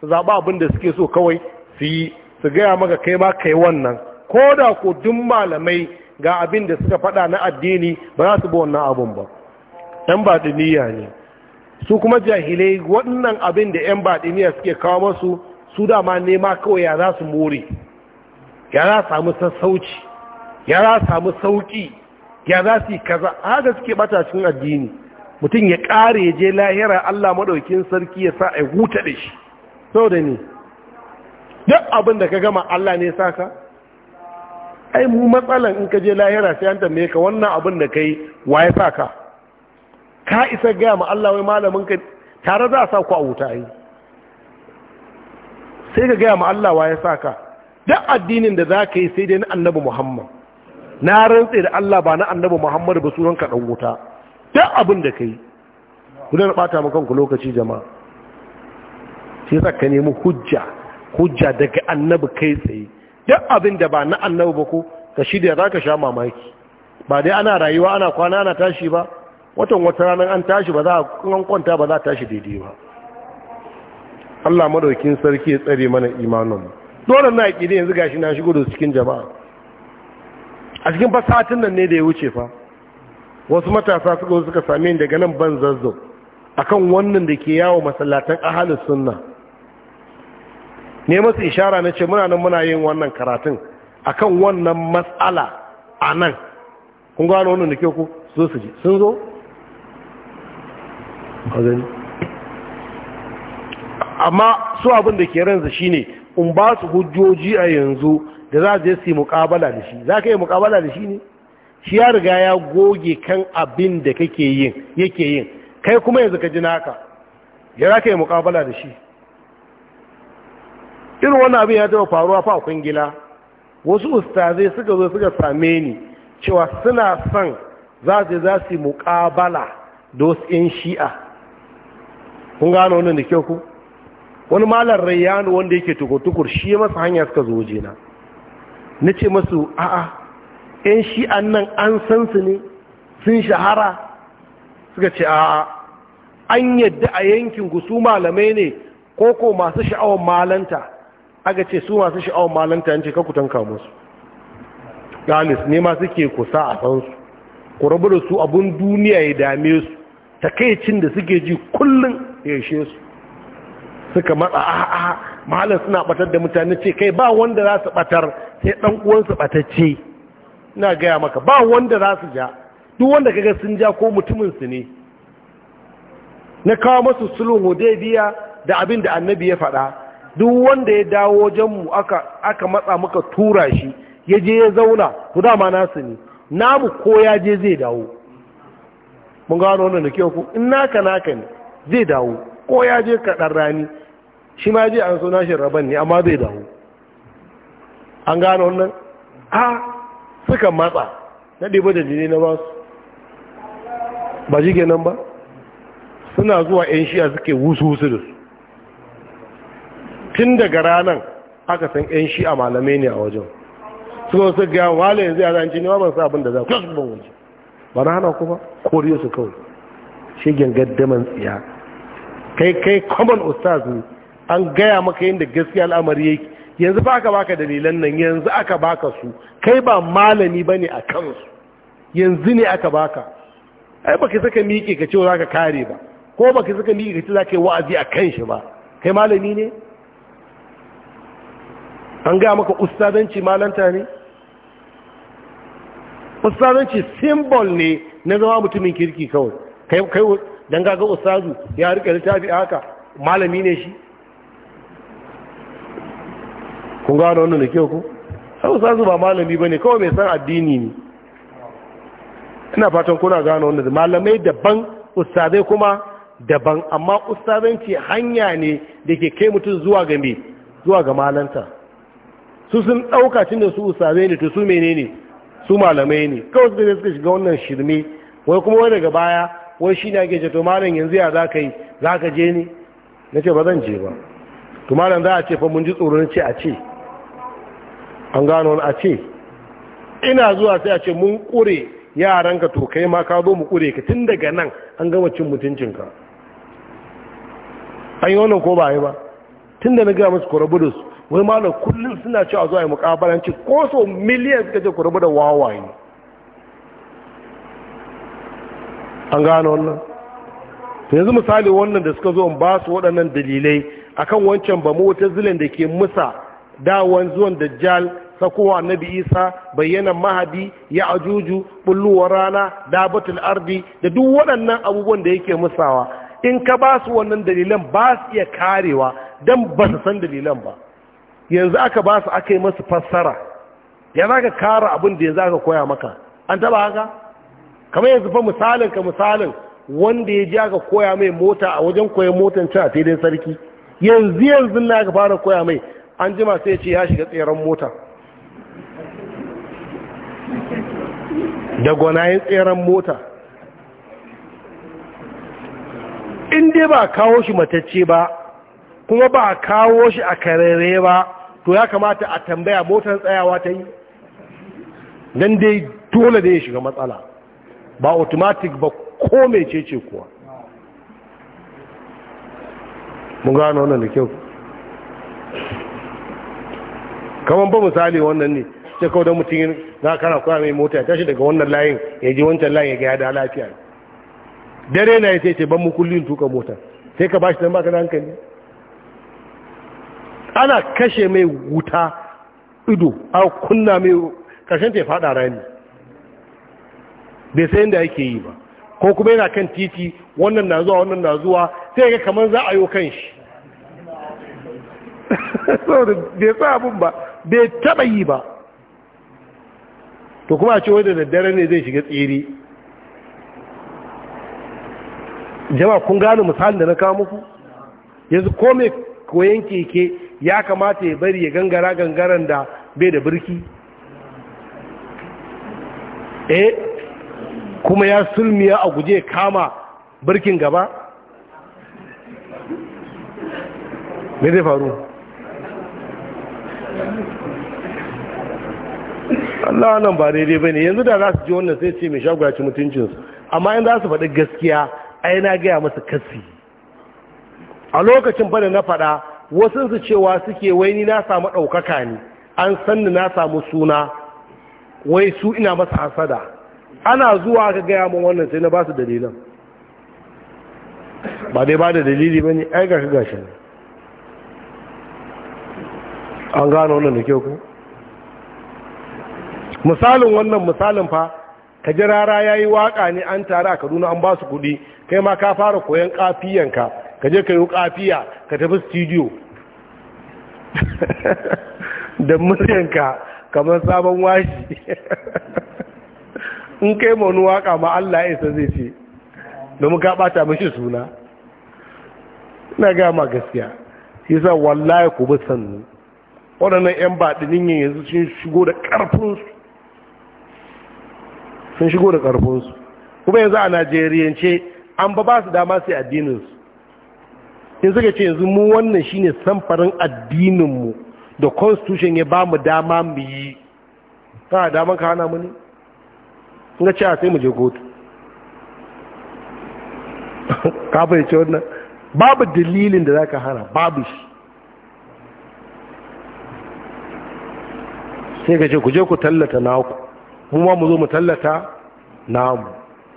zaɓa abin da suke so kawai su yi su gaya maka kai ma kai wannan ko da ko dun malamai ga abin da suka faɗa na addini ba za su bi wannan abun ba ɗan baɗiniya ne su kuma jahilai wannan abin da ‘yan baɗiniya suke kawo masu su dama nema kawai ya za su more ya za samu sassauci ya za samu sauƙi ya za su yi kaza haka suke ɓata cikin addini mutum ya ƙare ya je lahira allah maɗaukin sarki ya sa a huta da shi sau da ni. duk abin da ka gama Allah ne sa ka ai mu matsalan in ka je lahira sai an tambaye ka wannan abin da kai waye sa ka ka isa gaya ma Allah wai malamin ka tare za a sa ku a wuta ai sai ka gaya ma Allah waye sa ka duk addinin da za ka yi sai dai na annabi Muhammad na rantse da Allah ba na annabi Muhammad ba sunan ka dan wuta duk abin da kai ku da bata maka kanku lokaci jama'a sai ka nemi hujja hujja daga annabi kai tsaye duk abin da ba na annabi ba ko ka shirya za ka sha mamaki ba dai ana rayuwa ana kwana ana tashi ba watan wata ranar an tashi ba za a kwanta ba za a tashi daidai ba Allah madaukin sarki ya tsare mana imanin dole na da yanzu gashi na shigo da cikin jama'a a cikin fasatin nan ne da ya wuce fa wasu matasa suka suka same ni daga nan ban zazzau akan wannan da ke yawo masallatan ahalin sunna ne masu ishara na ce muna nan muna yin wannan karatun akan wannan matsala a nan kun gano wannan da ke ku zo su ji sun zo amma su abin da ke ranzu ne in ba su hujjoji a yanzu da za je su yi mukabala da shi za ka yi mukabala da shi ne shi ya riga ya goge kan abin da kake yin yake yin kai kuma yanzu ka ji naka ya za ka yi mukabala da shi irin wannan abin ya taɓa faruwa fa kungila wasu ustazai suka zo suka same ni cewa suna son za su za su muƙabala da wasu 'yan shi'a kun gano wannan da kyau ku wani malar rayyano wanda yake tukur-tukur shi ya masa hanya suka zo jina na ce masu a'a 'yan shi'an nan an san su ne sun shahara suka ce a'a an yadda a yankin gusu malamai ne ko ko masu sha'awar malanta aka ce su masu sha'awar malanta yance ka kutanka galis ne ma suke kusa a san su ku rabu da su abun duniya ya dame su takaicin da suke ji kullum ya ishe su suka matsa a'a ah, ah, ah, malam suna batar da mutane ce kai ba wanda za su batar sai dan uwansu batacce ina gaya maka ba wanda za su ja duk wanda kaga sun ja ko mutumin su ne na kawo masu sulhu hudaybiya da abin da annabi ya faɗa duk wanda ya dawo wajenmu aka matsa muka tura shi ya je ya zauna ku dama nasu ne namu ko ya je zai dawo mun gano wannan da kyau ku in naka naka ne zai dawo ko ya je kaɗan rani shi ma je an so nashin rabon ne amma zai dawo an gano wannan a suka matsa na ɗiba da jini na basu ba jige nan ba suna zuwa 'yan shiya suke wusu wusu da su tun daga ranar aka san 'yan shi a malamai ne a wajen su ga wasu ga wale yanzu ya zanci ne ban sa abin da za ku su ban waje ba na hana kuma koriya su kawai shigen daman tsiya kai kai common ustaz ne an gaya maka yin da gaskiya al'amari yake yanzu ba aka baka dalilan nan yanzu aka baka su kai ba malami ba ne a kansu yanzu ne aka baka ai baki saka miƙe ka ce za ka kare ba ko baki saka miƙe ka ce za ka yi wa'azi a kan shi ba kai malami ne an gaya maka ustazanci malanta ne ustazanci simbol ne na zama mutumin kirki kawai kai don gaga ustazu ya rike littafi haka malami ne shi kun gano wannan da kyau ku sai ustazu ba malami ba ne kawai mai san addini ne ina fatan kuna gano wannan malamai daban ustazai kuma daban amma ustazanci hanya ne da ke kai mutum zuwa ga me zuwa ga malanta su sun ɗauka cin da su usame ne to su menene su malamai ne kawai su ne suka shiga wannan shirme wai kuma wai daga baya wai shi ne ake ce to malam yanzu ya za ka yi za ka je ne na ce ba zan je ba to malam za a ce fa mun ji tsoron ce a ce an gano a ce ina zuwa sai a ce mun ƙure yaranka to kai ma ka zo mu ƙure ka tun daga nan an gama cin mutuncinka an yi wannan ko ba yi ba tun da na gaya musu ku wai malam kullum suna ci a zuwa yi mukabalanci ko so miliyan suka ce ku da wawaye an gano wannan yanzu misali wannan da suka zo ba su waɗannan dalilai akan wancan ba mu wata zilin da ke musa dawon zuwan dajjal sakowa annabi isa Bayyana, mahadi ya ajuju bulluwar rana dabatul ardi da duk waɗannan abubuwan da yake musawa in ka ba su wannan dalilan ba su iya karewa don ba su san dalilan ba yanzu aka ba su aka yi masu fassara ya za ka kara abin da yanzu aka koya maka an taba haka kamar yanzu fa misalin ka misalin wanda ya ji aka koya mai mota a wajen koyan motan cin a filin sarki yanzu yanzu na aka fara koya mai an masu ya ce ya shiga tseren mota da gwanayen tseren mota in dai ba kawo shi matacce ba kuma ba kawo shi a karere ba to ya kamata a tambaya motar tsayawa ta yi don dai dole da ya shiga matsala ba automatic ba ko mai cece kuwa mun gano wannan da kyau kamar ba misali wannan ne sai kawai don mutum na kana kuwa mai mota ya tashi daga wannan layin ya ji wancan layin ya gaya da lafiya dare na ya ce ban mu kullum tuka mota sai ka ba shi don baka da hankali ana kashe mai wuta ido a kunna mai karshen ta ya fada rami bai sayan da yake yi ba ko kuma yana kan titi wannan na zuwa wannan na zuwa sai ga kamar za a yi kan shi bai sa abin ba bai taba yi ba to kuma a ce wadda daddare ne zai shiga tsere jama'a kun gane misalin da na kawo muku yanzu ko mai koyon keke ya kamata ya bari ya gangara gangaran da bai da birki eh kuma ya sulmiya a guje kama birkin gaba me zai faru Allah nan ba daidai ba yanzu da za su ji wannan sai ce mai shagwaci mutuncinsu amma yanzu za su faɗi gaskiya aina yana gaya masa kasi a lokacin fada na faɗa wasu su cewa suke wai ni na samu ɗaukaka ne an sanni na samu suna wai su ina masa hasada ana zuwa ka gaya min wannan sai na ba su dalilan ba dai ba da dalili ba ne ai ka gashi ne an gano wannan da kyau ku misalin wannan misalin fa ka jira rara ya yi ne an tare a kaduna an ba su kuɗi kai ma ka fara koyon kafiyanka ka je ka yi kafiya ka tafi studio da muryanka kamar sabon washi in kai ma wani waka ma Allah ya isa zai ce domin ka bata mashi suna na gama gaskiya shi sa wallahi ku bi sannu waɗannan 'yan baɗinin yin yanzu sun shigo da ƙarfinsu sun shigo da ƙarfinsu kuma yanzu a najeriyance an ba ba su dama su addininsu sai suka ce yanzu mu wannan shine samfarin addininmu da constitution ya ba mu dama mu yi ta daman ka hana mu ne na ce sai mu je kotu kafin ce wannan babu dalilin da za ka hana babu shi sai ka ce ku je ku tallata naku mu ma mu zo mu tallata namu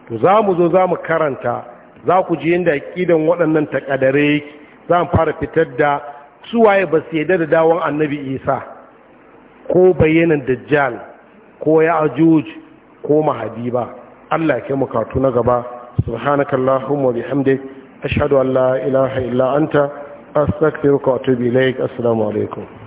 to za mu zo za mu karanta za ku ji yadda aƙidan waɗannan takadare yake za mu fara fitar da suwaye ba su yadda da dawon annabi isa ko bayanan dajjal ko ya ajuj ko mahadi ba allah ke mukatu na gaba subhanakallahumma bihamdik ashhadu an la ilaha illa anta astaghfiruka wa atubu laik assalamu alaikum